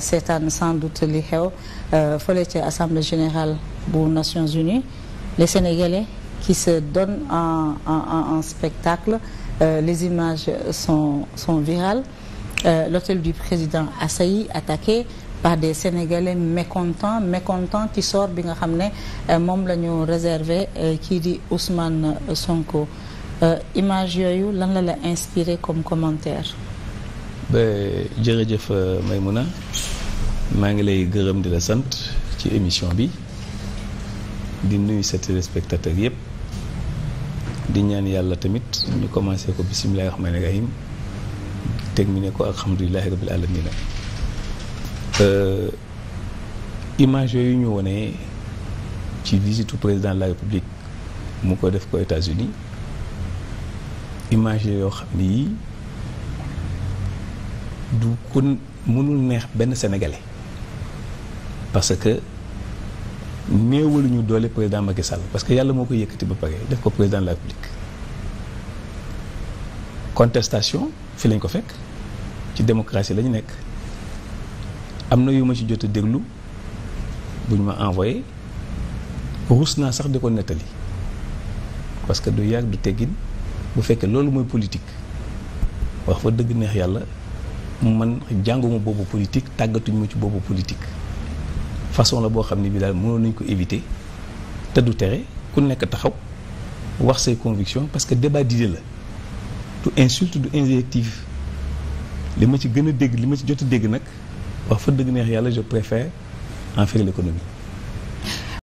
seetaan sans doute li xew euh, fële ca assemblée générale bu Nations Unies les Sénégalais qui se donnent un en en spectacle euh, les images sont sont virales euh, l'hôtel du président assailli attaqué par des Sénégalais mécontents mécontents ci sort bi nga xam ne euh, moom la ñu réservé euh, kii di Ousmane Sonko images yooyu lan la la inspiré comme commentaire. jërëjëf Maymouna maa ngi lay gërëm di la sant ci émission bi di nuyu sa téléspectateur yëpp di ñaan yàlla tamit ñu commencé ko bisimilahi rahmaani rahim terminé ko alhamdulilahi rabil alamina euh, image yooyu ñu wone ci visitu président la république mu ko def ko états image yoo xam ni du kon mënul neex benn sénégalais parce que néewalu ñu doole président Macky Sall parce que yàlla moo ko yëkkati ba pare def ko président de la République contestation fi lañ ko fekk ci démocratie la ñu nekk am na yu ma ci jot a déglu bu ñu ma envoyé ruus naa sax di ko nettali parce que du yàgg du teggin bu fekkee loolu mooy politique wax fa dëgg neex yàlla man jànguma boobu politique tàggatuñu ma ci boobu politique façon la boo xam ne bi daal mënoon nañ ko éviter te du tere ku nekk taxaw wax say conviction parce que débat d'idée la du insulte du invective li ma ci gën dégg li ma ci jot a dégg nag wax fa dëgg neex yàlla je préfère en faire l'économie